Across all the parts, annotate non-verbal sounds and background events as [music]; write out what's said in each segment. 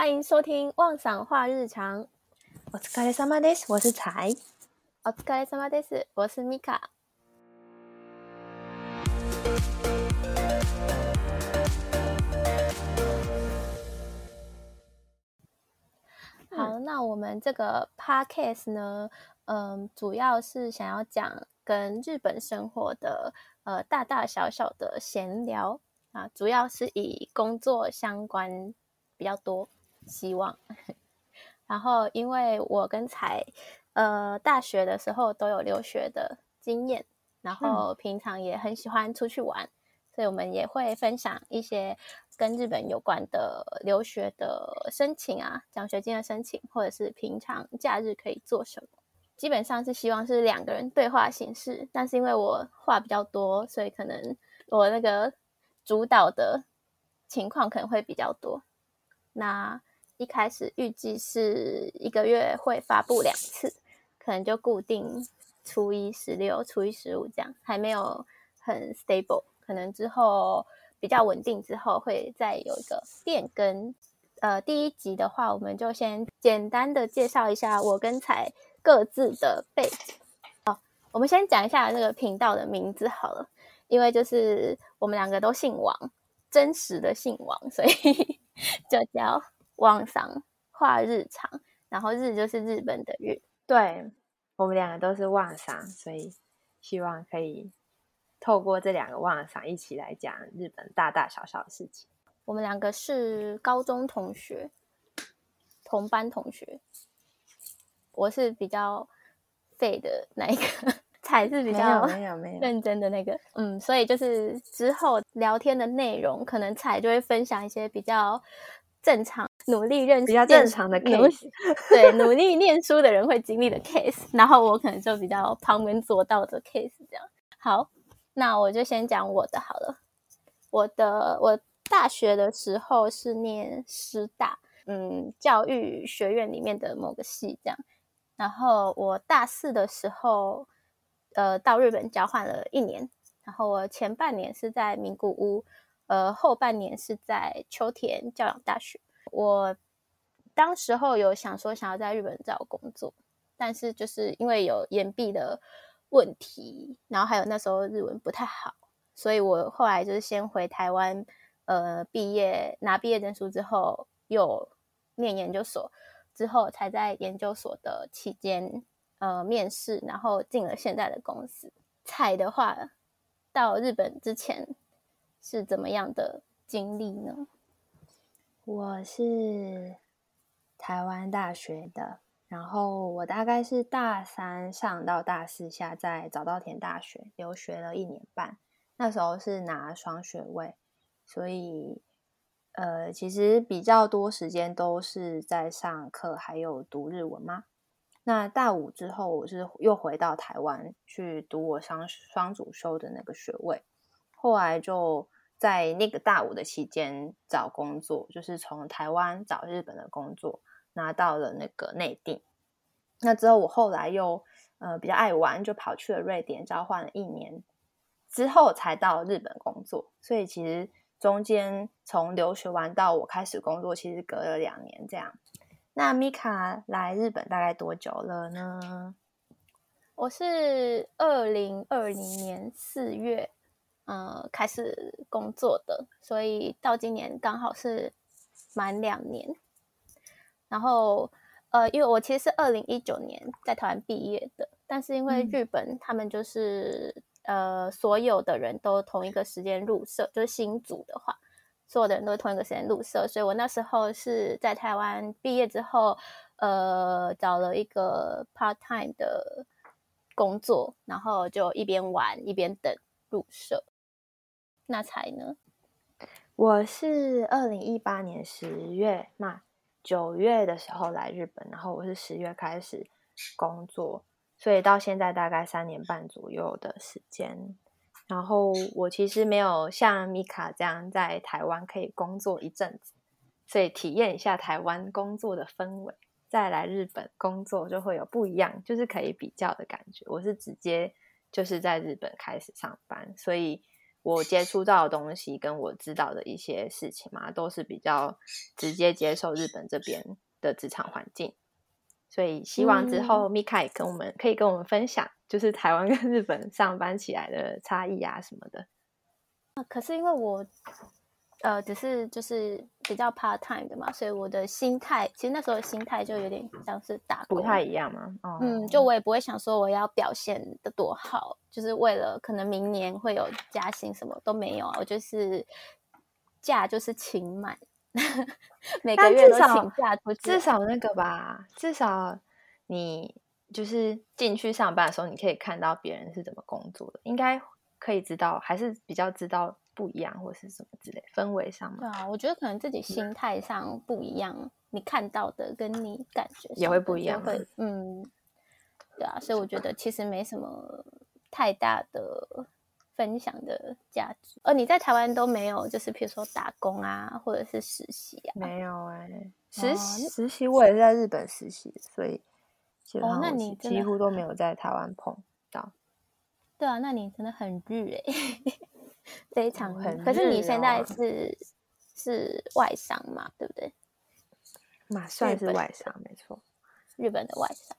歡迎收聽《王桑話日常》。Otsukaresama desu，我是彩。Otsukaresama desu，我是 Mika、嗯。好，那我們這個 Podcast 呢，嗯、呃，主要是想要講跟日本生活的呃大大小小的閒聊啊，主要是以工作相關比較多。希望， [laughs] 然後因為我跟采呃，大學的時候都有留學的經驗，然後平常也很喜歡出去玩、嗯，所以我們也會分享一些跟日本有關的留學的申請啊，獎學金的申請，或者是平常假日可以做什麼。基本上是希望是兩個人對話形式，但是因為我話比較多，所以可能我那個主導的情況可能會比較多。那一開始預計是一個月會發布兩次，可能就固定初一十六、初一十五這樣，還沒有很 stable，可能之後比較穩定之後會再有一個變更。呃，第一集的話，我們就先簡單的介紹一下我跟采各自的背景。好、哦，我們先講一下那個頻道的名字好了，因為就是我們兩個都姓王，真實的姓王，所以 [laughs] 就叫。王桑，話日常，然後日就是日本的日。對，我們兩個都是王桑，所以希望可以透過這兩個王桑一起來講日本大大小小的事情。我們兩個是高中同學，同班同學。我是比較廢的那一個，彩是比較沒有沒有認真的那個，嗯，所以就是之後聊天的內容，可能彩就會分享一些比較正常。努力認識比較正常的 case， [laughs] 對努力念書的人會經歷的 case， [laughs] 然後我可能就比較旁門左道的 case 這樣。好，那我就先講我的好了。我的我大學的時候是念師大，嗯，教育學院裡面的某個系這樣。然後我大四的時候，呃，到日本交換了一年。然後我前半年是在名古屋，呃，後半年是在秋田教養大學。我當時候有想說想要在日本找工作，但是就是因為有延畢的問題，然後還有那時候日文不太好，所以我後來就是先回台灣，呃，畢業拿畢業證書之後，又念研究所，之後才在研究所的期間呃，面試，然後進了現在的公司。Tsai 的話，到日本之前是怎麼樣的經歷呢？我是台灣大學的，然後我大概是大三上到大四下，在早稻田大學留學了一年半，那時候是拿雙學位，所以呃，其實比較多時間都是在上課，還有讀日文嘛。那大五之後，我是又回到台灣去讀我雙雙主修的那個學位，後來就。在那個大五的期間找工作，就是從台灣找日本的工作，拿到了那個內定。那之後我後來又呃比較愛玩，就跑去了瑞典交換了一年，之後才到日本工作。所以其實中間從留學完到我開始工作，其實隔了兩年這樣。那米卡來日本大概多久了呢？我是二零二零年四月，呃，開始工作的，所以到今年剛好是滿兩年。然後，呃，因為我其實是二零一九年在台灣畢業的，但是因為日本他們就是、嗯、呃所有的人都同一個時間入社，就是新卒的話，所有的人都同一個時間入社，所以我那時候是在台灣畢業之後，呃，找了一個 part time 的工作，然後就一邊玩一邊等入社。那才呢，我是二零一八年十月，那九月的時候來日本，然後我是十月開始工作，所以到現在大概三年半左右的時間。然後我其實沒有像米卡這樣在台灣可以工作一陣子，所以體驗一下台灣工作的氛圍，再來日本工作就會有不一樣，就是可以比較的感覺。我是直接就是在日本開始上班，所以。我接觸到的東西跟我知道的一些事情嘛，都是比較直接接受日本這邊的職場環境，所以希望之後米卡跟我們、嗯、可以跟我們分享，就是台灣跟日本上班起來的差異啊什麼的。可是因為我。呃，只是就是比較 part time 的嘛，所以我的心態其實那時候心態就有點像是打工，不太一樣嘛。Oh. 嗯，就我也不會想說我要表現的多好，就是為了可能明年會有加薪什麼都沒有啊。我就是假就是請滿， [laughs] 每個月都請假至、就是，至少那個吧，至少你就是進去上班的時候，你可以看到別人是怎麼工作的，應該可以知道，還是比較知道。不一樣，或是什麼之類的，氛圍上嘛。對啊，我覺得可能自己心態上不一樣、嗯，你看到的跟你感覺會也會不一樣、啊。會嗯，對啊，所以我覺得其實沒什麼太大的分享的價值。哦，你在台灣都沒有，就是譬如說打工啊，或者是實習啊，沒有哎、欸。實、哦、實習我也是在日本實習，所以哦，那你幾乎都沒有在台灣碰到、哦。對啊，那你真的很日哎、欸。 [laughs] 非常很、啊，可是你現在是是外商嘛，對不對？馬算是外商，沒錯，日本的外商。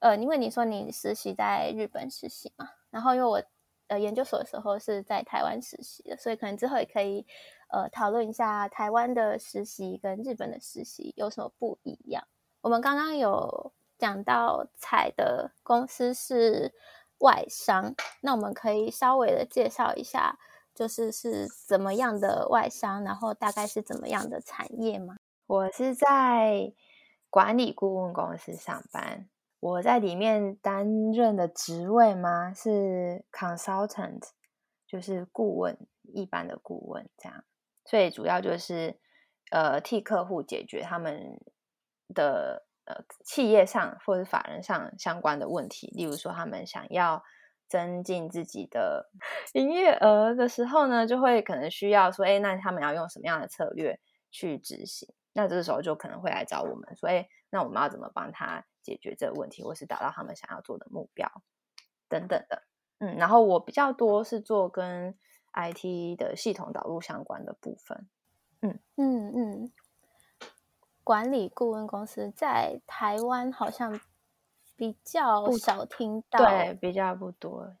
呃，因為你說你實習在日本實習嘛，然後因為我呃研究所的時候是在台灣實習的，所以可能之後也可以呃討論一下台灣的實習跟日本的實習有什麼不一樣。我們剛剛有講到采的公司是外商，那我們可以稍微的介紹一下。就是是怎麼樣的外商，然後大概是怎麼樣的產業嗎？我是在管理顧問公司上班，我在裡面擔任的職位嗎？是 consultant，就是顧問，一般的顧問這樣。所以主要就是呃替客戶解決他們的呃企業上或者法人上相關的問題，例如說他們想要。增進自己的營業額的時候呢，就會可能需要說，哎，那他們要用什麼樣的策略去執行？那這時候就可能會來找我們，所以，那我們要怎麼幫他解決這個問題，或是達到他們想要做的目標等等的。嗯，然後我比較多是做跟 IT 的系統導入相關的部分。嗯嗯嗯，管理顧問公司在台灣好像。比較少聽到，對，比較不多。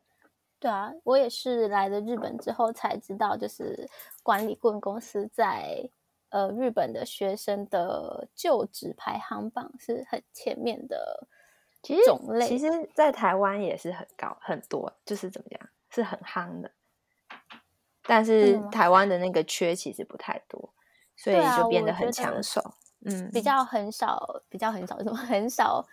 對啊，我也是來了日本之後才知道，就是管理顧問公司在呃日本的學生的就職排行榜是很前面的。其實種類，其實在台灣也是很高，很多就是怎麼樣，是很夯的。但是台灣的那個缺其實不太多，所以就變得很搶手啊。嗯，比較很少，比較很少，什麼很少。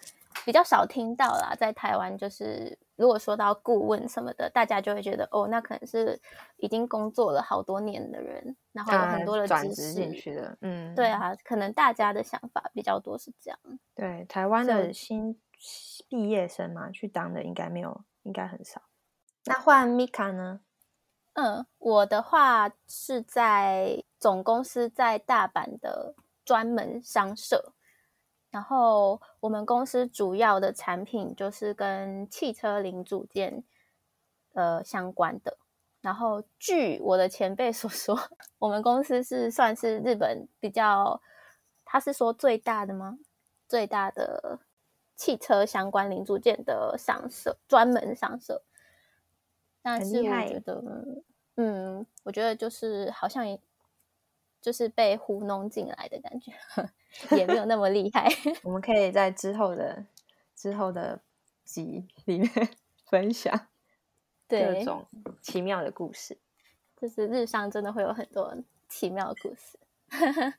比較少聽到啦，在台灣就是如果說到顧問什麼的，大家就會覺得哦，那可能是已經工作了好多年的人，然後有很多的知識、啊、轉職進去的，嗯，對啊，可能大家的想法比較多是這樣。對，台灣的新畢業生嘛，去當的應該沒有，應該很少。那換 Mika 呢？嗯，我的話是在總公司，在大阪的專門商社。然後我們公司主要的產品就是跟汽車零組件呃相關的。然後據我的前輩所說，我們公司是算是日本比較，他是說最大的嗎？最大的汽車相關零組件的上色，專門上色。但是我覺得很厲害耶。嗯，我覺得就是好像也就是被糊弄進來的感覺。 [laughs] 也沒有那麼厲害。 [laughs] 我們可以在之後的之後的集裡面分享這種奇妙的故事。就是日商真的會有很多奇妙的故事。 [laughs]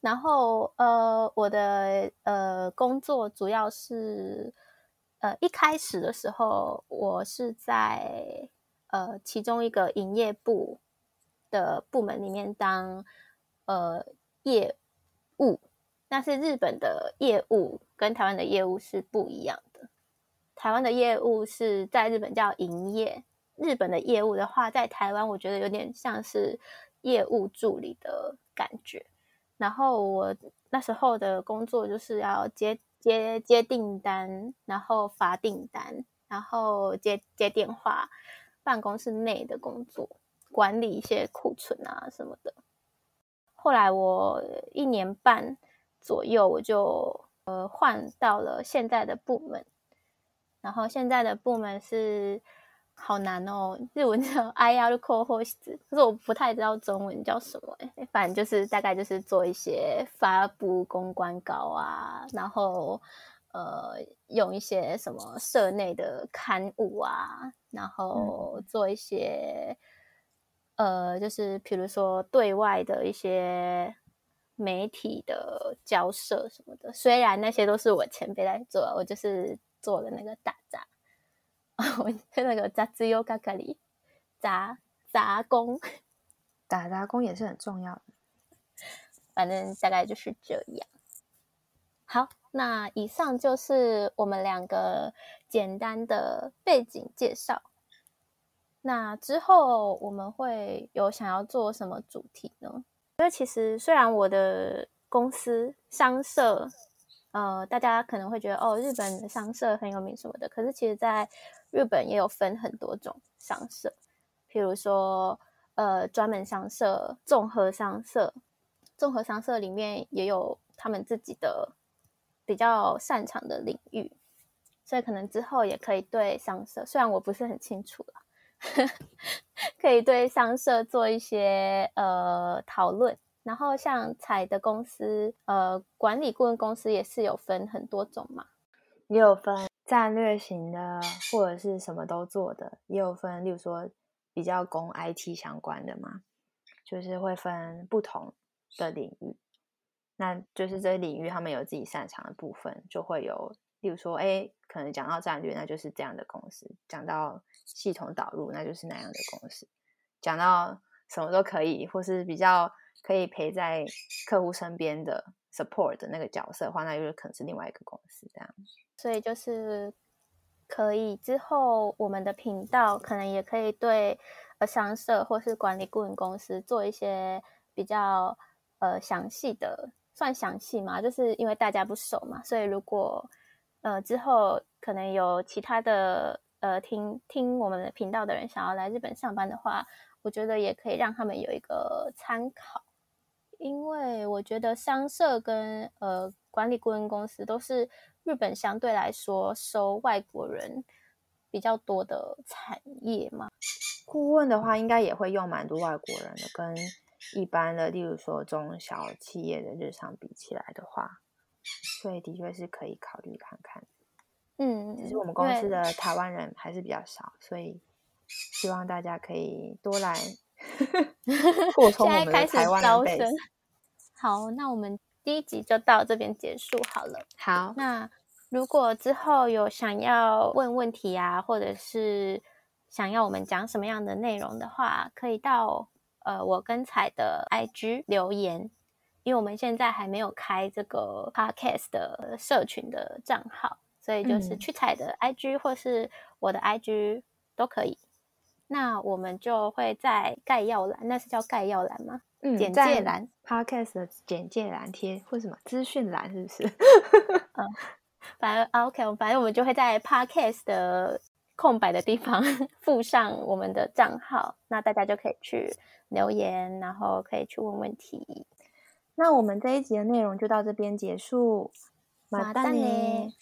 然後，呃，我的呃工作主要是呃一開始的時候，我是在呃其中一個營業部的部門裡面當呃業務。務，那是日本的業務跟台灣的業務是不一樣的。台灣的業務是在日本叫營業，日本的業務的話，在台灣我覺得有點像是業務助理的感覺。然後我那時候的工作就是要接接接訂單，然後發訂單，然後接接電話，辦公室內的工作，管理一些庫存啊什麼的。後來我一年半左右，我就呃換到了現在的部門，然後現在的部門是好難哦，日文叫 IR Co Hors，可是我不太知道中文叫什麼哎、欸，反正就是大概就是做一些發布公關稿啊，然後呃用一些什麼社內的刊物啊，然後做一些。嗯呃，就是比如說對外的一些媒體的交涉什麼的，雖然那些都是我前輩在做，我就是做了那個打雜，啊、哦，我那個雜誌優咖咖喱雜雜工，打雜工也是很重要的。反正大概就是這樣。好，那以上就是我們兩個簡單的背景介紹。那之後我們會有想要做什麼主題呢？因為其實雖然我的公司商社，呃，大家可能會覺得哦，日本的商社很有名什麼的，可是其實在日本也有分很多種商社，譬如說呃，專門商社、綜合商社，綜合商社裡面也有他們自己的比較擅長的領域，所以可能之後也可以對商社，雖然我不是很清楚了。 [laughs] 可以對商社做一些呃討論，然後像采的公司，呃，管理顧問公司也是有分很多種嘛。也有分戰略型的，或者是什麼都做的，也有分，例如說比較攻 IT 相關的嘛，就是會分不同的領域。那就是這些領域他們有自己擅長的部分，就會有，例如說，誒可能講到戰略，那就是這樣的公司；講到系統導入，那就是那樣的公司；講到什麼都可以，或是比較可以陪在客戶身邊的 support 的那個角色的話，那就可能是另外一個公司這樣。所以就是可以之後，我們的頻道可能也可以對呃商社或是管理顧問公司做一些比較呃詳細的，算詳細嘛，就是因為大家不熟嘛，所以如果。呃，之後可能有其他的呃，聽聽我們的頻道的人想要來日本上班的話，我覺得也可以讓他們有一個參考，因為我覺得商社跟呃管理顧問公司都是日本相對來說收外國人比較多的產業嘛。顧問的話，應該也會用蠻多外國人的，跟一般的，例如說中小企業的日常比起來的話。所以的確是可以考慮看看，嗯，只是我們公司的台灣人還是比較少，所以希望大家可以多來擴充我。現在開始招生。好，那我們第一集就到這邊結束好了。好，那如果之後有想要問問題啊，或者是想要我們講什麼樣的內容的話，可以到呃我跟采的 IG 留言。因為我們現在還沒有開這個 podcast 的社群的賬號，所以就是去采的 IG 或是我的 IG 都可以。嗯、那我們就會在概要欄，那是叫概要欄嗎？嗯，簡介欄 podcast 的簡介欄貼，或是什麼資訊欄，是不是？嗯、 [laughs] 呃，反正、啊、OK，反正我們就會在 podcast 的空白的地方 [laughs] 附上我們的賬號，那大家就可以去留言，然後可以去問問題。那我們這一集的內容就到這邊結束，またね。